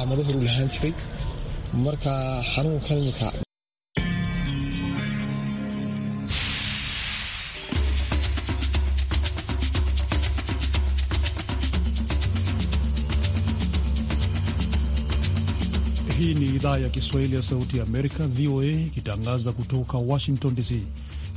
calaamaduhu horu lahaan jiray marka xanuun imika Hii ni idhaa ya Kiswahili ya Sauti ya Amerika, VOA, ikitangaza kutoka Washington DC.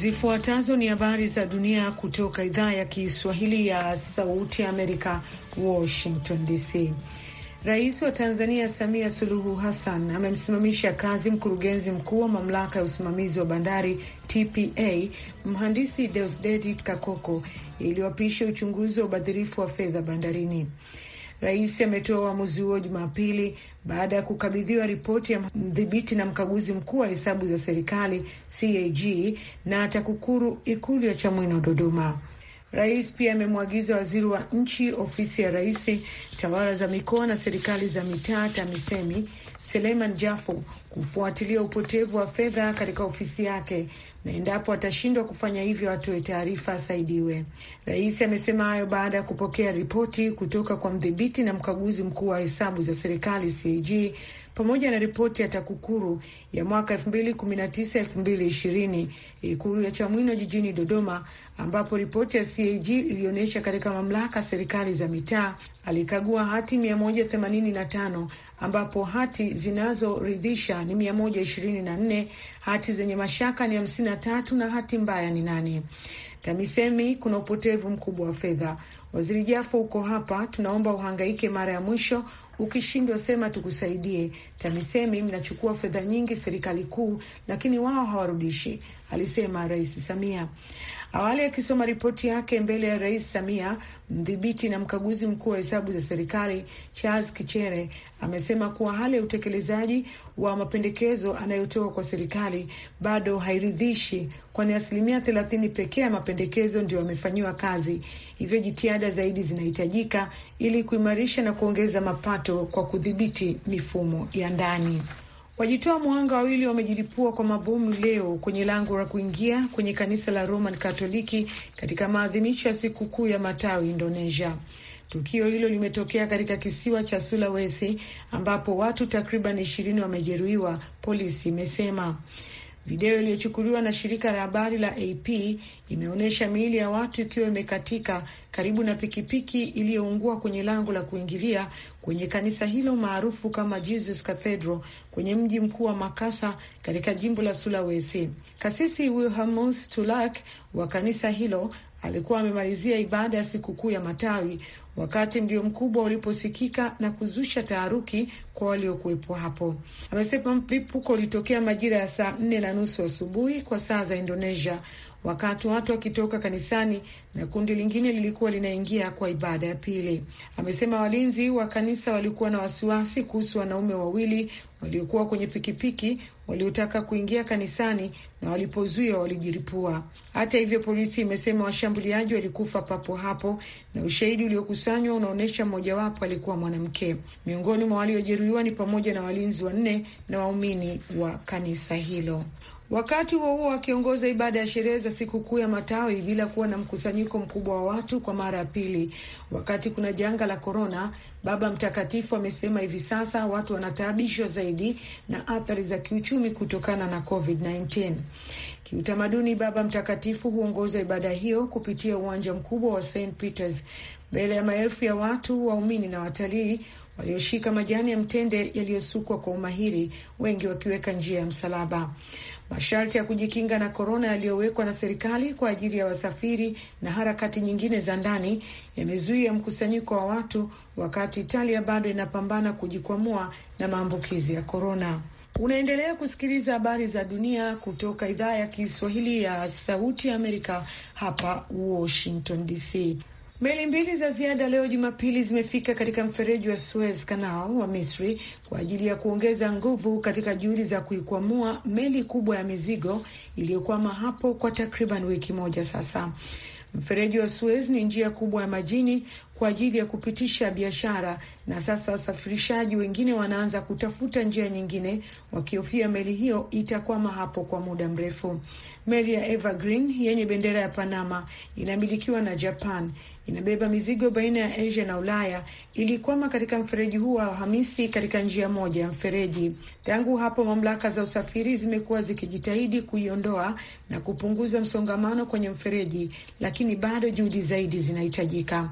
Zifuatazo ni habari za dunia kutoka idhaa ya Kiswahili ya Sauti Amerika, Washington DC. Rais wa Tanzania Samia Suluhu Hassan amemsimamisha kazi mkurugenzi mkuu wa mamlaka ya usimamizi wa bandari TPA mhandisi Deusdedit Kakoko iliyoapisha uchunguzi wa ubadhirifu wa fedha bandarini. Rais ametoa uamuzi huo Jumapili baada ya kukabidhiwa ripoti ya mdhibiti na mkaguzi mkuu wa hesabu za serikali CAG na TAKUKURU ikulu ya Chamwino, Dodoma. Rais pia amemwagiza waziri wa nchi ofisi ya rais, tawala za mikoa na serikali za mitaa, TAMISEMI, Seleiman Jafo kufuatilia upotevu wa fedha katika ofisi yake na endapo atashindwa kufanya hivyo atoe taarifa asaidiwe. Rais amesema hayo baada ya kupokea ripoti kutoka kwa mdhibiti na mkaguzi mkuu wa hesabu za serikali CAG pamoja na ripoti ya TAKUKURU ya mwaka 2019 2020 ikulu ya Chamwino jijini Dodoma, ambapo ripoti ya CAG ilionyesha katika mamlaka serikali za mitaa alikagua hati 185 ambapo hati zinazoridhisha ni mia moja ishirini na nne, hati zenye mashaka ni hamsini na tatu na hati mbaya ni nane. TAMISEMI kuna upotevu mkubwa wa fedha. Waziri Jafo uko hapa, tunaomba uhangaike mara ya mwisho Ukishindwa sema tukusaidie. TAMISEMI mnachukua fedha nyingi serikali kuu, lakini wao hawarudishi alisema Rais Samia. Awali akisoma ripoti yake mbele ya Rais Samia, mdhibiti na mkaguzi mkuu wa hesabu za serikali Charles Kichere amesema kuwa hali ya utekelezaji wa mapendekezo anayotoa kwa serikali bado hairidhishi, kwani asilimia thelathini pekee ya mapendekezo ndio yamefanyiwa kazi, hivyo jitihada zaidi zinahitajika ili kuimarisha na kuongeza mapato kwa kudhibiti mifumo ya ndani. Wajitoa mwanga wawili wamejilipua kwa mabomu leo kwenye lango la kuingia kwenye kanisa la Roman Katoliki katika maadhimisho ya sikukuu ya matawi Indonesia. Tukio hilo limetokea katika kisiwa cha Sulawesi ambapo watu takriban ishirini wamejeruhiwa, polisi imesema. Video iliyochukuliwa na shirika la habari la AP imeonyesha miili ya watu ikiwa imekatika karibu na pikipiki iliyoungua kwenye lango la kuingilia kwenye kanisa hilo maarufu kama Jesus Cathedral kwenye mji mkuu wa Makasa katika jimbo la Sulawesi. Kasisi Wilhelmus Tulak wa kanisa hilo alikuwa amemalizia ibada ya sikukuu ya matawi wakati mlio mkubwa uliposikika na kuzusha taharuki kwa waliokuwepo hapo. Amesema mlipuko ulitokea majira ya saa nne na nusu asubuhi kwa saa za Indonesia, wakati watu wakitoka kanisani na kundi lingine lilikuwa linaingia kwa ibada ya pili. Amesema walinzi wa kanisa walikuwa na wasiwasi kuhusu wanaume wawili waliokuwa kwenye pikipiki waliotaka kuingia kanisani na walipozuia walijiripua. Hata hivyo, polisi imesema washambuliaji walikufa papo hapo na ushahidi uliokusanywa unaonyesha mmojawapo alikuwa mwanamke. Miongoni mwa waliojeruhiwa ni pamoja na walinzi wanne na waumini wa kanisa hilo. Wakati huo huo akiongoza ibada ya sherehe za sikukuu ya matawi bila kuwa na mkusanyiko mkubwa wa watu kwa mara ya pili, wakati kuna janga la korona, Baba Mtakatifu amesema hivi sasa watu wanataabishwa zaidi na athari za kiuchumi kutokana na COVID-19. Kiutamaduni, Baba Mtakatifu huongoza ibada hiyo kupitia uwanja mkubwa wa St Peters mbele ya maelfu ya watu, waumini na watalii walioshika majani ya mtende yaliyosukwa kwa umahiri, wengi wakiweka njia ya msalaba. Masharti ya kujikinga na korona yaliyowekwa na serikali kwa ajili ya wasafiri na harakati nyingine za ndani yamezuia mkusanyiko wa watu, wakati Italia bado inapambana kujikwamua na maambukizi ya korona. Unaendelea kusikiliza habari za dunia kutoka idhaa ya Kiswahili ya Sauti ya Amerika, hapa Washington DC. Meli mbili za ziada leo Jumapili zimefika katika mfereji wa Suez Canal wa Misri kwa ajili ya kuongeza nguvu katika juhudi za kuikwamua meli kubwa ya mizigo iliyokwama hapo kwa takriban wiki moja sasa. Mfereji wa Suez ni njia kubwa ya majini kwa ajili ya kupitisha biashara, na sasa wasafirishaji wengine wanaanza kutafuta njia nyingine, wakihofia meli hiyo itakwama hapo kwa muda mrefu. Meli ya Evergreen yenye bendera ya Panama inamilikiwa na Japan inabeba mizigo baina ya Asia na Ulaya ilikwama katika mfereji huu wa Alhamisi katika njia moja ya mfereji. Tangu hapo, mamlaka za usafiri zimekuwa zikijitahidi kuiondoa na kupunguza msongamano kwenye mfereji, lakini bado juhudi zaidi zinahitajika.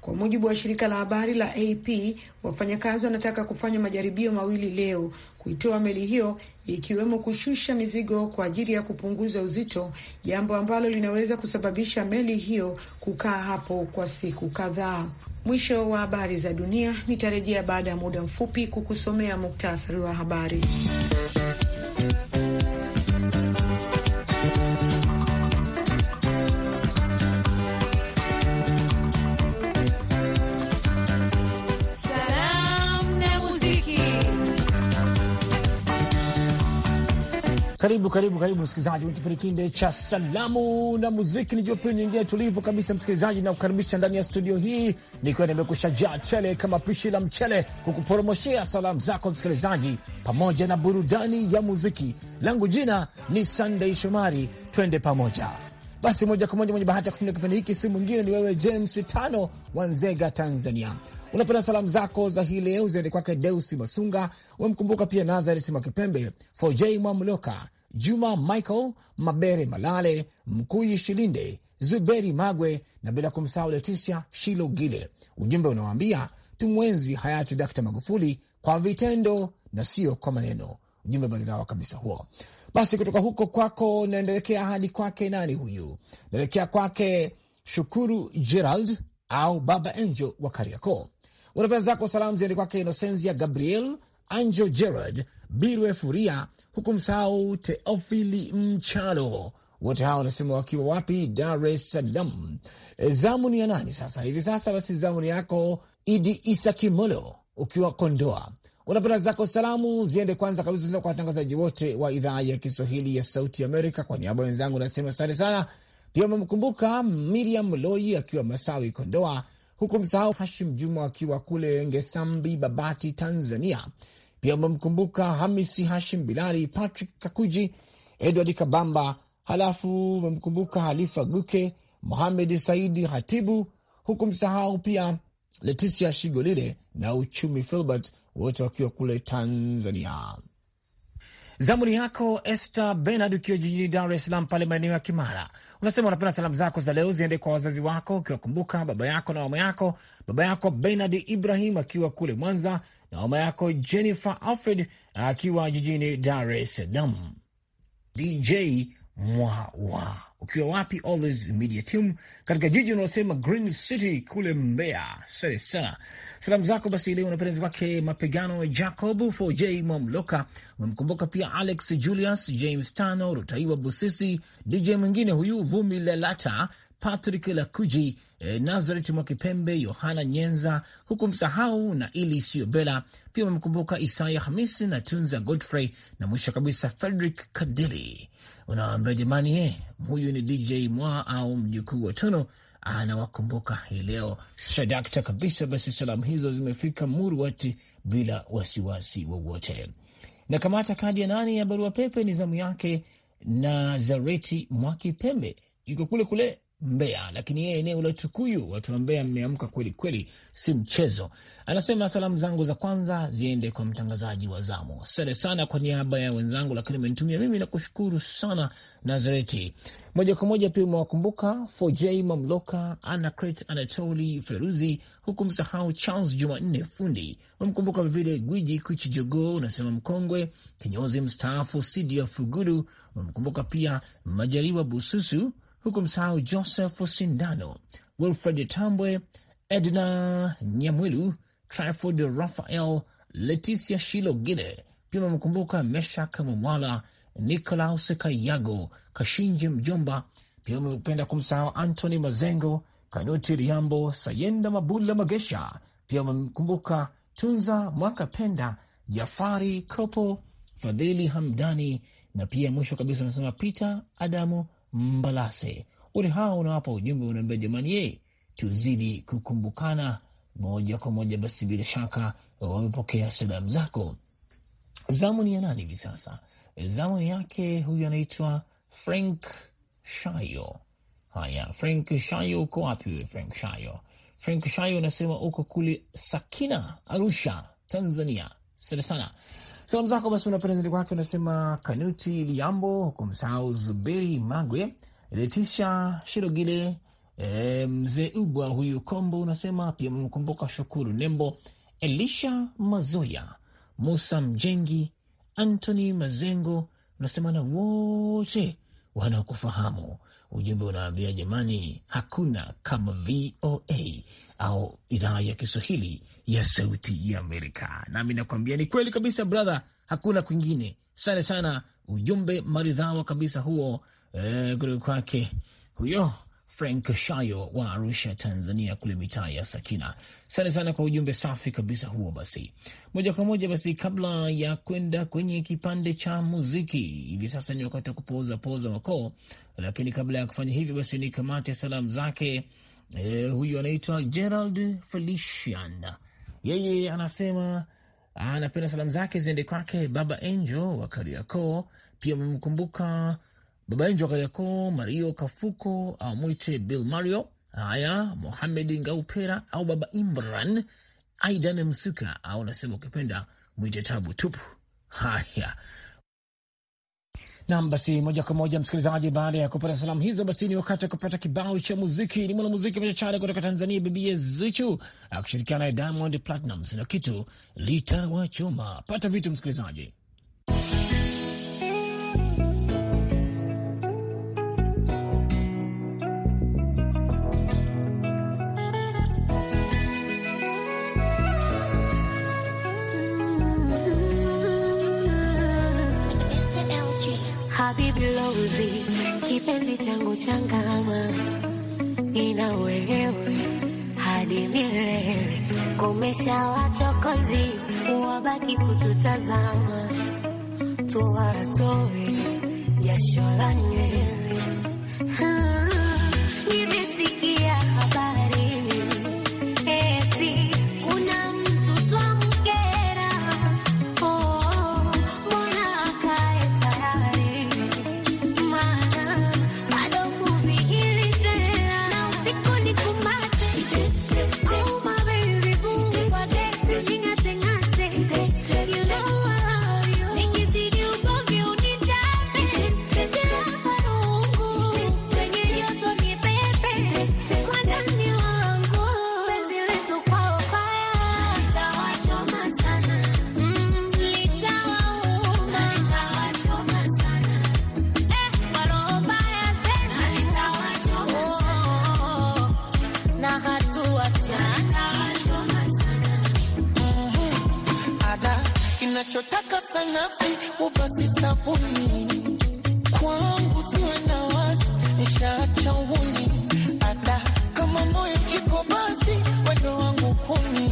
Kwa mujibu wa shirika la habari la AP, wafanyakazi wanataka kufanya majaribio mawili leo kuitoa meli hiyo ikiwemo kushusha mizigo kwa ajili ya kupunguza uzito, jambo ambalo linaweza kusababisha meli hiyo kukaa hapo kwa siku kadhaa. Mwisho wa habari za dunia. Nitarejea baada ya muda mfupi kukusomea muktasari wa habari. Karibu karibu karibu msikilizaji, kipindi kile cha salamu na muziki ni jumapili nyingine tulivu kabisa, msikilizaji, na kukaribisha ndani ya studio hii nikiwa nimekushajaa tele kama pishi la mchele kukupromoshia salamu zako msikilizaji, pamoja na burudani ya muziki. Langu jina ni Sunday Shomari, twende pamoja basi moja kwa moja. Mwenye bahati ya kufunga kipindi hiki si mwingine, ni wewe James Tano wa Nzega, Tanzania. Unapenda salamu zako za hii leo ziende kwake Deusi Masunga, umemkumbuka pia Nazareth Mwakipembe, Foj Mwamloka, Juma Michael Mabere, Malale Mkuyi, Shilinde Zuberi Magwe na bila kumsahau Leticia Shilo Gile. Ujumbe unawaambia tumwenzi hayati Dakta Magufuli kwa vitendo na sio kwa maneno. Ujumbe maridhawa kabisa huo. Basi kutoka huko kwako naendelekea hadi kwake nani huyu, naelekea kwake Shukuru Gerald au Baba Angel wa Kariakoo. Unapenda zako salamu ziende kwake Inosenzia Gabriel Angel Gerard Birwe Furia, huku msahau Teofili Mchalo. Wote hawa wanasema wakiwa wapi? Dar es Salaam. E, zamu ni ya nani sasa hivi? Sasa basi, zamu ni yako Idi Isa Kimolo ukiwa Kondoa. Unapenda zako salamu ziende kwanza kabisa kwa watangazaji wote wa idhaa ya Kiswahili ya Sauti Amerika. Kwa niaba wenzangu nasema asante sana. Pia umemkumbuka Miriam Loi akiwa Masawi, Kondoa huku msahau Hashim Juma akiwa kule Ngesambi, Babati, Tanzania. Pia umemkumbuka Hamisi Hashim Bilali, Patrick Kakuji, Edward Kabamba, halafu umemkumbuka Halifa Guke, Muhamed Saidi Hatibu, huku msahau pia Leticia Shigolile na Uchumi Filbert, wote wakiwa kule Tanzania. Zamuni yako Esther Benard, ukiwa jijini Dar es Salaam pale maeneo ya Kimara, unasema unapenda salamu zako za leo ziende kwa wazazi wako, ukiwakumbuka baba yako na mama yako, baba yako Benard Ibrahim akiwa kule Mwanza na mama yako Jennifer Alfred akiwa jijini Dar es Salaam. DJ mwa wa ukiwa wapi Always Media Team katika jiji unaosema Green City kule Mbeya. Sante sana. Salamu zako basi leo unapenezi kwake mapigano ya Jacob 4J Mwamloka, umemkumbuka pia Alex Julius James tano Rutaiwa Busisi, DJ mwingine huyu Vumi Lelata, Patrick Lakuji, eh, Nazaret Mwakipembe, Yohana Nyenza, huku msahau na ili Siobela. Pia umemkumbuka Isaya Hamisi na Tunza Godfrey na mwisho kabisa Frederick Kadili unawaambia jamani, eh, huyu ni DJ Mwa au mjukuu wa Tono anawakumbuka hii leo shadakta kabisa. Basi salamu hizo zimefika Murwati bila wasiwasi wowote. Na kamata kadi ya nani ya barua pepe, ni zamu yake na Zareti Mwakipembe, yuko kule kule Mbeya, lakini yeye eneo la Tukuyu. Watu wa Mbeya mmeamka kweli kweli, si mchezo. Anasema salamu zangu za kwanza ziende kwa mtangazaji wa zamu, asante sana kwa niaba ya wenzangu, lakini umenitumia mimi na kushukuru sana. Nazareti moja kwa moja pia umewakumbuka Foj Mamloka, Anacret Anatoli Feruzi, huku msahau Charles Jumanne Fundi, wamkumbuka vilevile Gwiji Kuchi Jogo, unasema mkongwe kinyozi mstaafu Sidia Fugulu, wamkumbuka pia Majariwa Bususu huku msahau Joseph Sindano, Wilfred Tambwe, Edna Nyamwilu, Clifford Raphael, Leticia Shilogile. Pia wamemkumbuka Meshak Mumwala, Nicolaus Kayago, Kashinje Mjomba. Pia wamependa kumsahau Antony Mazengo, Kanuti Riambo, Sayenda Mabula Magesha. Pia wamemkumbuka Tunza Mwaka Penda, Jafari Kopo, Fadhili Hamdani na pia mwisho kabisa anasema Peter Adamu Mbalase. Wote hawa unawapa ujumbe, unaambia jamani, ye eh, tuzidi kukumbukana moja kwa moja. Basi bila shaka wamepokea salamu zako. Zamu ni ya nani hivi sasa? Zamu ni yake huyu, anaitwa Frank Shayo. Haya, Frank Shayo, uko wapi huyu Frank Shayo? Frank Shayo unasema uko kule Sakina, Arusha, Tanzania. sante sana. Salamu zako basi unapenda kwake, unasema Kanuti Liambo, kumsahau Zuberi Magwe, Letisha Shirogile, e, mzee Ubwa huyu Kombo, unasema pia mmkumbuka Shukuru Nembo, Elisha Mazoya, Musa Mjengi, Antony Mazengo, unasema na wote wanaokufahamu Ujumbe unaambia jamani, hakuna kama VOA au idhaa ya Kiswahili ya Sauti ya Amerika. Nami nakuambia ni kweli kabisa brother, hakuna kwingine. Sante sana, ujumbe maridhawa kabisa huo eh, kutoka kwake huyo Frank Shayo wa Arusha, Tanzania, kule mitaa ya Sakina. Asante sana kwa ujumbe safi kabisa huo. Basi moja kwa moja, basi kabla ya kwenda kwenye kipande cha muziki, hivi sasa ni wakati wa kupoza poza wakoo, lakini kabla ya kufanya hivyo, basi ni kamate salamu zake. E, huyu anaitwa Gerald Felician, yeye anasema anapenda salamu zake ziende kwake Baba Angel wa Kariakoo, pia amemkumbuka baba wa Kariakoo, Mario Kafuko au mwite Bill Mario. Haya, Mohamed Ngaupera au Baba Imran, Aidan Msuka au nasema ukipenda mwite Tabu Tupu. Haya. Nam, basi moja kwa moja msikilizaji, baada ya kupata salamu hizo, basi ni wakati wa kupata kibao cha muziki. Ni mwanamuziki machachari kutoka Tanzania, Bibie Zuchu akishirikiana na Diamond Platnumz na kitu litawachoma. Pata vitu msikilizaji. machozi, kipenzi changu changama, nina wewe hadi milele. Komesha wachokozi, wabaki kututazama, tuwatoe jasho la nywele kumi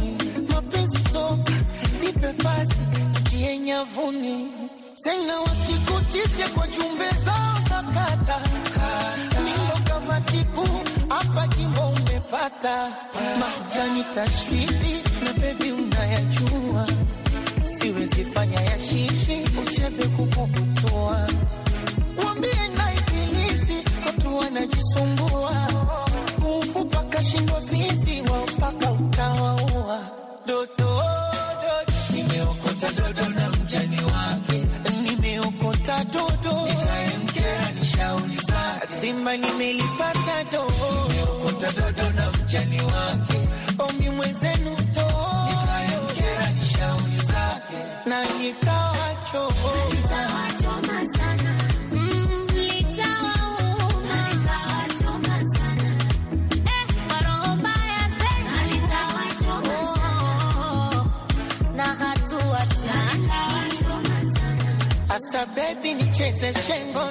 mapenzi soka nipe basi tie tena wasikutishe kwa jumbe zao za kata mindo kama tipu hapa jimbo umepata mahjani tashtiti na bebi unayajua siwezi fanya ya shishi uchebe kukubutua wambie na ibilisi watu wanajisumbu nicheze shengo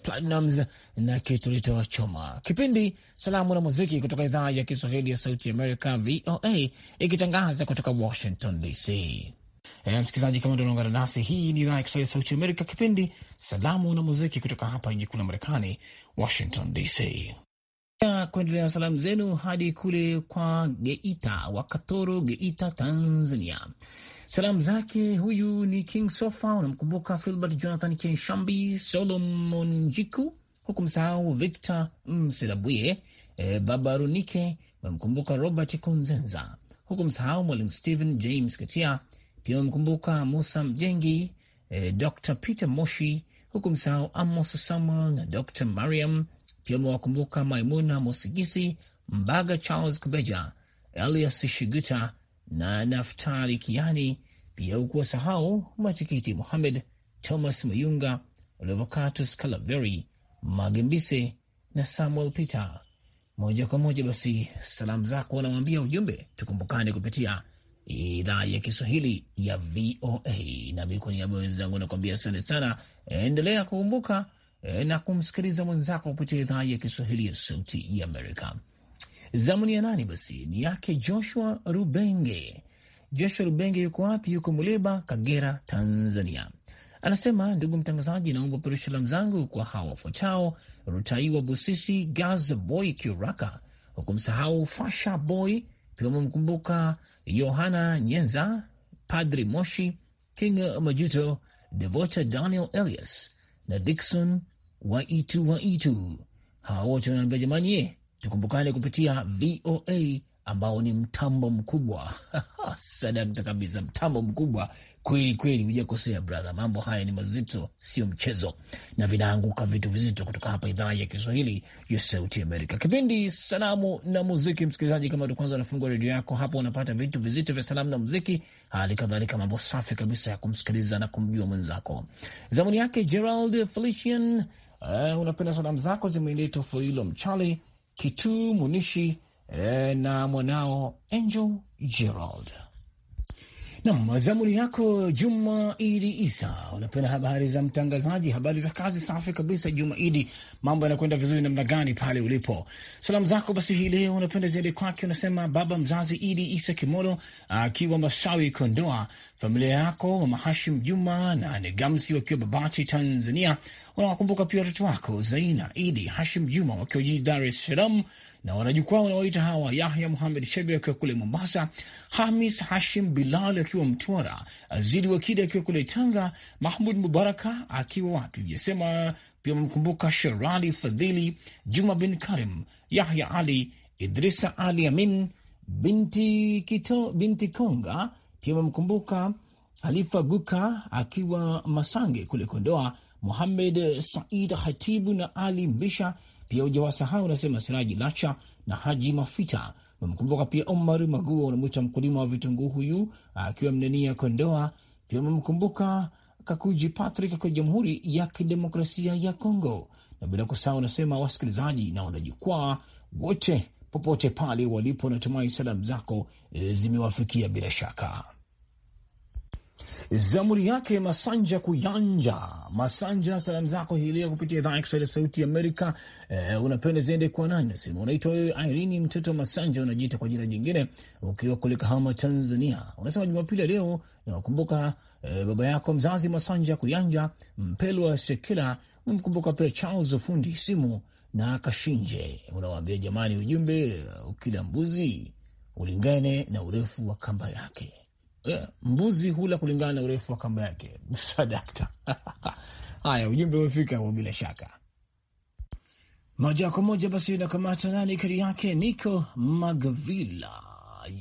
Platinums na kitu choma Kipindi Salamu na Muziki kutoka idhaa ya Kiswahili ya Sauti Amerika, VOA, ikitangaza kutoka Washington DC. E, msikilizaji, kama ndio unaungana nasi, hii ni idhaa ya Kiswahili ya Sauti Amerika, kipindi Salamu na Muziki kutoka hapa jiji kuu la Marekani, Washington DC. Kuendelea na salamu zenu hadi kule kwa Geita, Wakatoro, Geita, Tanzania. Salamu zake huyu ni King Sofa, unamkumbuka Filbert Jonathan Kenshambi, Solomon Jiku, huku msahau Victor Mselabwie, e, eh, Baba Runike, unamkumbuka Robert Konzenza, huku msahau Mwalimu Stephen James Katia, pia unamkumbuka Musa Mjengi, e, Dr Peter Moshi, huku msahau Amos Samuel na Dr Mariam, pia umewakumbuka Maimuna Mosigisi, Mbaga Charles Kubeja, Elias Shiguta na Naftali Kiani, pia sahau Matikiti Mohamed, Thomas Mayunga, Revocatus Calaveri, Magembise na Samuel Peter. Moja kwa moja basi, salamu zako wanamwambia ujumbe, tukumbukane kupitia idhaa ya Kiswahili ya VOA. Nami kwa niaba wenzangu nakuambia asante sana, endelea kukumbuka eh, na kumsikiliza mwenzako kupitia idhaa ya Kiswahili ya Sauti ya Amerika. Zamu ni ya nani basi? Ni yake Joshua Rubenge. Joshua Rubenge yuko wapi? Yuko Muleba, Kagera, Tanzania. Anasema, ndugu mtangazaji, naomba peru salamu zangu kwa hawa wafuatao: Rutaiwa Busisi, Gaz Boy Kiuraka, hukumsahau Fasha Boy, pia umemkumbuka Yohana Nyenza, Padri Moshi, King Majuto, Devota Daniel Elias na Dikson Waitu Waitu. Hawa wote wanaambia jamani, ye eh, tukumbukane kupitia VOA ambao ni mtambo mkubwa sadakta kabisa, mtambo mkubwa kweli kweli, hujakosea brother. Mambo haya ni mazito, sio mchezo, na vinaanguka vitu vizito kutoka hapa idhaa ya Kiswahili ya Sauti Amerika, kipindi Salamu na Muziki. Msikilizaji, kama kwanza unafungua redio yako hapo, unapata vitu vizito vya salamu na muziki, hali kadhalika mambo safi kabisa ya kumsikiliza na kumjua mwenzako. Zamuni yake Gerald Felician. Uh, unapenda salamu zako zimeendea Tofoilo Mchali kitu Munishi eh, na mwanao Angel Gerald. Nam, ni yako Juma Idi Isa, unapenda habari za mtangazaji, habari za kazi. Safi kabisa, Juma Idi, mambo yanakwenda vizuri namna gani pale ulipo? Salamu zako basi hii leo unapenda ziende kwake, unasema baba mzazi Idi Isa Kimoro akiwa Masawi, Kondoa, familia yako mama Hashim Juma na Negamsi wakiwa Babati, Tanzania. Unawakumbuka pia watoto wako Zaina Idi Hashim Juma wakiwa jijini Dar es Salaam na wanajukwaa wanaoita hawa Yahya Muhamed Shebe akiwa kule Mombasa, Hamis Hashim Bilal akiwa Mtwara, Azidi Wakida akiwa kule Tanga, Mahmud Mubaraka akiwa wapi hujasema. Pia wamemkumbuka Sherali Fadhili, Juma bin Karim, Yahya Ali, Idrisa Ali Amin, Binti, Kito, Binti Konga. Pia wamemkumbuka Halifa Guka akiwa Masange kule Kondoa, Muhamed Said Hatibu na Ali Mbisha pia ujawasahau unasema Siraji Lacha na Haji Mafita. Memkumbuka pia Omar Maguo, unamwita mkulima wa vitunguu huyu akiwa Mnenia Kondoa. Pia umemkumbuka Kakuji Patrick kwa Jamhuri ya Kidemokrasia ya Kongo, na bila kusahau unasema wasikilizaji na wanajukwaa wote popote pale walipo, natumai salamu zako zimewafikia bila shaka. Zamuri yake Masanja Kuyanja Masanja, salamu zako hii leo kupitia idhaa ya Kiswahili ya Sauti Amerika eh, unapenda ziende kwa nani? Nasema unaitwa wewe Irene mtoto Masanja, unajiita kwa jina jingine, ukiwa kule Kahama, Tanzania. Unasema Jumapili ya leo nawakumbuka eh, baba yako mzazi Masanja Kuyanja Mpelwa Sekela, unamkumbuka pia Charles fundi simu na Kashinje. Unawaambia jamani, ujumbe eh, ukila mbuzi ulingane na urefu wa kamba yake. Eh, mbuzi hula kulingana na urefu wa kamba yake. Sadakta. Haya, ujumbe umefika huo bila shaka. Moja kwa moja basi inakamata nani kari yake niko Magvila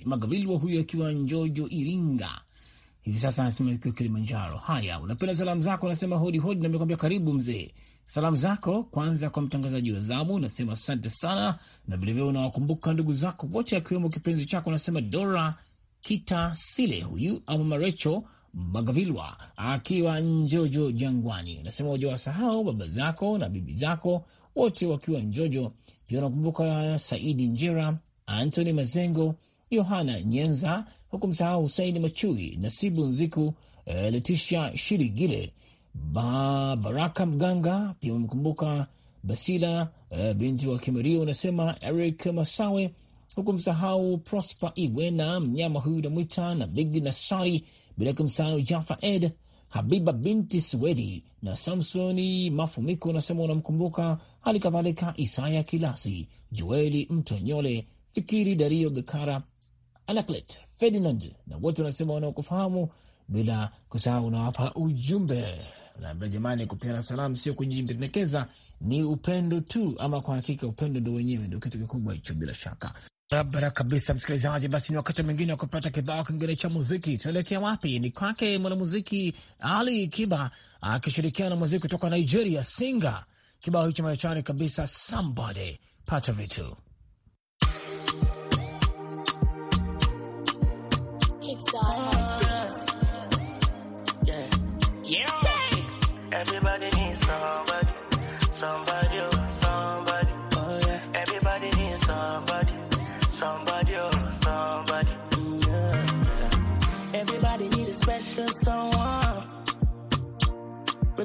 Magvilwa, huyu akiwa Njojo, Iringa hivi sasa, anasema ikiwa Kilimanjaro. Haya, unapenda salamu zako, anasema hodi hodi, namekwambia karibu mzee. Salamu zako kwanza kwa mtangazaji wa zamu, nasema asante sana, na vilevile unawakumbuka ndugu zako wote, akiwemo kipenzi chako, nasema Dora kita sile huyu ama Marecho Bagavilwa akiwa Njojo Jangwani, anasema waja baba zako na bibi zako wote wakiwa Njojo. Pia wanakumbuka Saidi Njera, Antony Mazengo, Yohana Nyenza, huku msahau Husaini Machui, Nasibu Nziku, eh, Letisha Shirigile, Baraka Mganga. Pia wamemkumbuka Basila eh, binti wa Kimario, unasema Eric Masawe huku msahau Prosper Iwena, mnyama huyu namwita na Big Nasari, bila kumsahau Jaffa Ed, Habiba binti Swedi na Samsoni Mafumiko, unasema unamkumbuka, hali kadhalika Isaya Kilasi, Joeli Mtonyole, Fikiri Dario Gakara, Anaclet Ferdinand na wote wanasema wanaokufahamu, bila kusahau unawapa ujumbe naambia jamani, kupeana salamu sio kujipendekeza, ni upendo tu. Ama kwa hakika upendo ndo wenyewe ndo kitu kikubwa hicho, bila shaka. Barabara kabisa, msikilizaji. Basi ni wakati mwingine wa kupata kibao kingine cha muziki. Tunaelekea wapi? Ni kwake mwanamuziki Ali Kiba akishirikiana na muziki kutoka Nigeria, Singa. Kibao hicho machari kabisa, somebody pata vitu It's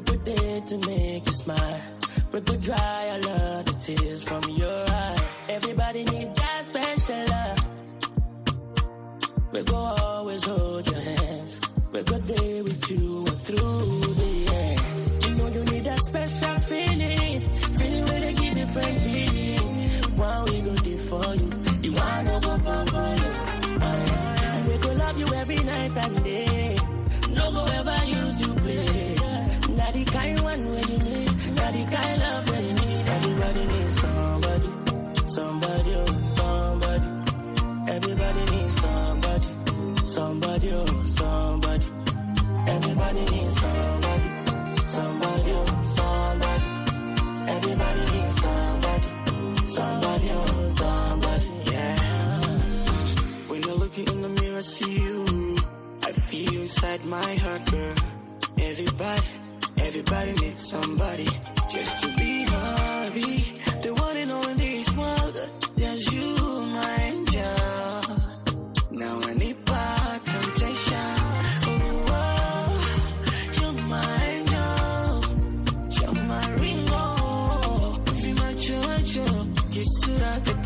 Work with it to make you smile. Work with dry, I love the tears from your eyes. Everybody needs that special love. We go always hold your hands. We go there with you and through the end. You know you need that special feeling, feeling where they give different feeling. What we go do for you, You want no go bubble. Uh, we go love you every night and day. Everybody needs somebody, somebody, somebody. Everybody needs somebody, somebody, somebody. Yeah. When I look in the mirror, see you. I feel inside my heart, girl. Everybody, everybody needs somebody just to be.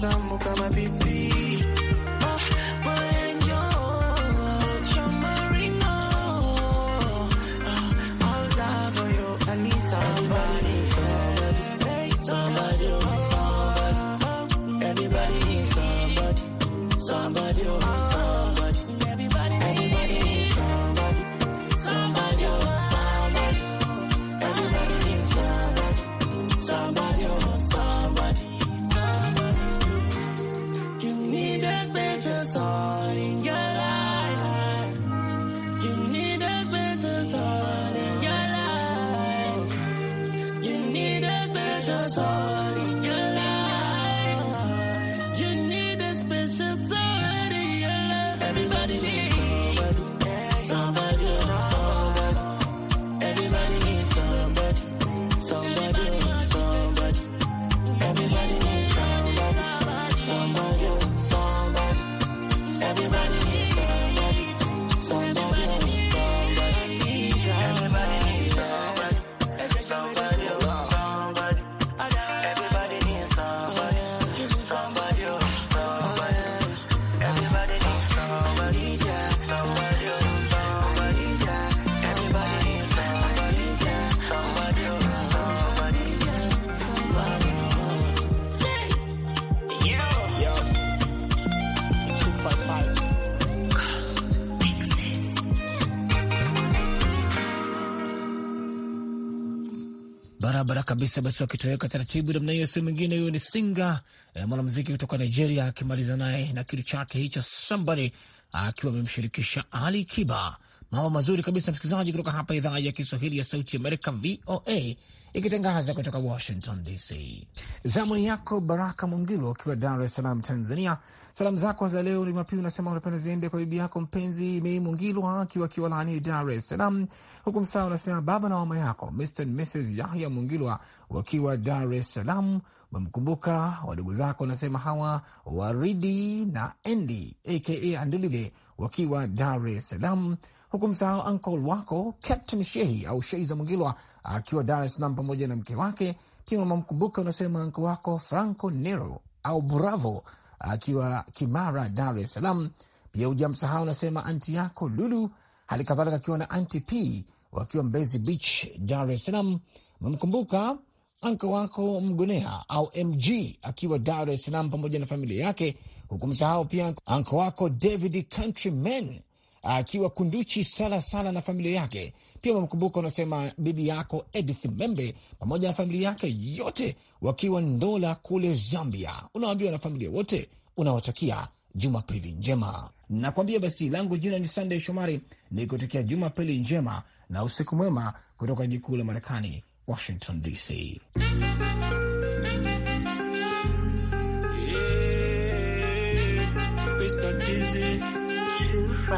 tamu kama pipi kabisa. Basi wakitoweka taratibu namna hiyo, sehemu ingine Huyo ni Singa, eh, mwanamuziki kutoka Nigeria, akimaliza naye na kitu chake hicho Somebody, akiwa amemshirikisha Ali Kiba. Mambo mazuri kabisa, msikilizaji, kutoka hapa idhaa ya Kiswahili ya sauti Amerika, VOA, ikitangaza kutoka Washington DC. Zamu yako Baraka Mungilo, ukiwa Dar es Salaam, Tanzania. Salamu zako za leo Jumapili unasema unapenda ziende kwa bibi yako mpenzi Mei Mungilo akiwa Kiwalani, Dar es Salaam. Huku msaa unasema baba na mama yako Mr and Mrs Yahya Mwingilwa wakiwa Dar es Salaam. Wamkumbuka wadogo zako unasema hawa Waridi na Endi aka Andulile wakiwa Dar es Salaam huku msahau uncle wako Captain Shehi au Shei za Mwingilwa akiwa Dar es Salaam pamoja na mke wake. Pia unamkumbuka unasema anko wako Franco Nero au Bravo akiwa Kimara, Dar es Salaam. Pia msahau unasema anti yako Lulu, hali kadhalika akiwa na anti P wakiwa Mbezi Beach, Dar es Salaam. Umemkumbuka anko wako Mgonea au MG akiwa Dar es Salaam pamoja na familia yake, msahau pia anko wako David Countryman akiwa Kunduchi sala sala na familia yake. Pia wamemkumbuka wanasema bibi yako Edith Membe pamoja na familia yake yote wakiwa Ndola kule Zambia. Unawaambia wanafamilia wote unawatakia Jumapili njema. Nakwambia basi, langu jina ni Sandey Shomari, nikutakia Jumapili njema na usiku mwema kutoka jiji kuu la Marekani, Washington DC. Yeah, Chop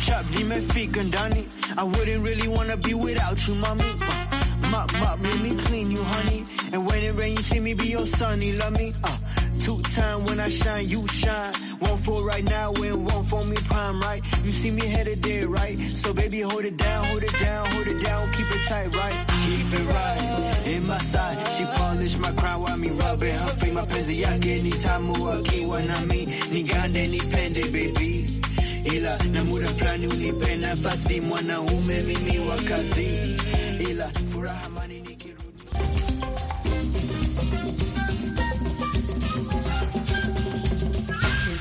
chop, leave dime figan Donnie. I wouldn't really wanna be without you, mommy. Uh, mop mop, let me clean you, honey. And when it rains, you see me be your sunny, love me. Uh, two time when I shine, you shine. One for right now, we prime, right? You see me headed there, right? So baby, hold it down, hold it down, hold it down, keep it tight, right? Keep it right in my side. She polished my crown while me rubbing her feet. My penzi yake ni tamu akiwa ni mi ni pende baby ila na muda fulani unipe nafasi mwanaume mimi wa kazi ila furaha mani niki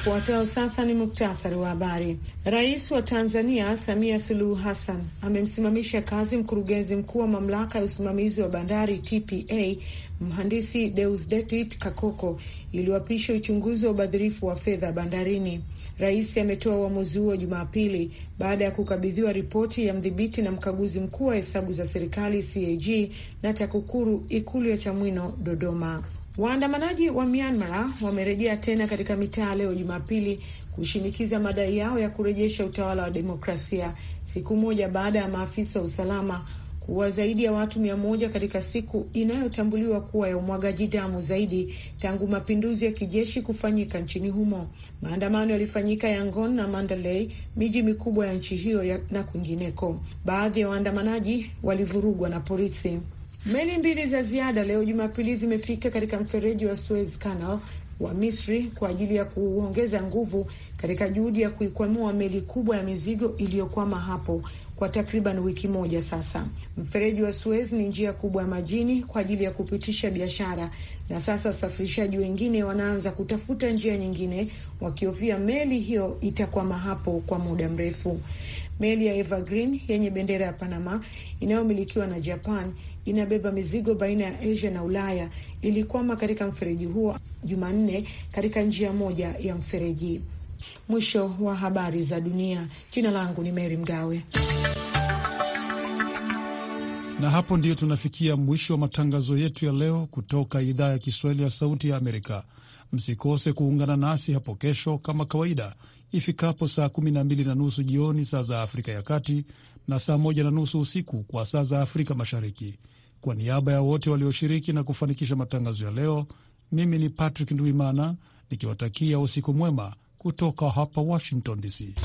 Ufuatao sasa ni muktasari wa habari. Rais wa Tanzania Samia Suluhu Hassan amemsimamisha kazi mkurugenzi mkuu wa mamlaka ya usimamizi wa bandari TPA mhandisi Deusdedit Kakoko iliyoapisha uchunguzi wa ubadhirifu wa fedha bandarini. Rais ametoa uamuzi huo Jumapili baada ya kukabidhiwa ripoti ya mdhibiti na mkaguzi mkuu wa hesabu za serikali CAG na TAKUKURU Ikulu ya Chamwino, Dodoma. Waandamanaji wa Myanmar wamerejea tena katika mitaa leo Jumapili kushinikiza madai yao ya kurejesha utawala wa demokrasia siku moja baada ya maafisa wa usalama kuwa zaidi ya watu mia moja katika siku inayotambuliwa kuwa ya umwagaji damu zaidi tangu mapinduzi ya kijeshi kufanyika nchini humo. Maandamano yalifanyika Yangon na Mandalay, miji mikubwa ya nchi hiyo na kwingineko. Baadhi ya waandamanaji walivurugwa na polisi. Meli mbili za ziada leo Jumapili zimefika katika mfereji wa Suez Canal wa Misri kwa ajili ya kuongeza nguvu katika juhudi ya kuikwamua meli kubwa ya mizigo iliyokwama hapo kwa takriban wiki moja sasa. Mfereji wa Suez ni njia kubwa ya majini kwa ajili ya kupitisha biashara, na sasa wasafirishaji wengine wanaanza kutafuta njia nyingine, wakihofia meli hiyo itakwama hapo kwa muda mrefu. Meli ya Evergreen yenye bendera ya Panama inayomilikiwa na Japan inabeba mizigo baina ya Asia na Ulaya ilikwama katika mfereji huo Jumanne katika njia moja ya mfereji. Mwisho wa habari za dunia. Jina langu ni Mary Mgawe, na hapo ndiyo tunafikia mwisho wa matangazo yetu ya leo kutoka idhaa ya Kiswahili ya Sauti ya Amerika. Msikose kuungana nasi hapo kesho kama kawaida ifikapo saa 12 na nusu jioni saa za Afrika ya Kati na saa 1 na nusu usiku kwa saa za Afrika Mashariki. Kwa niaba ya wote walioshiriki na kufanikisha matangazo ya leo, mimi ni Patrick nduimana nikiwatakia usiku mwema kutoka hapa Washington DC.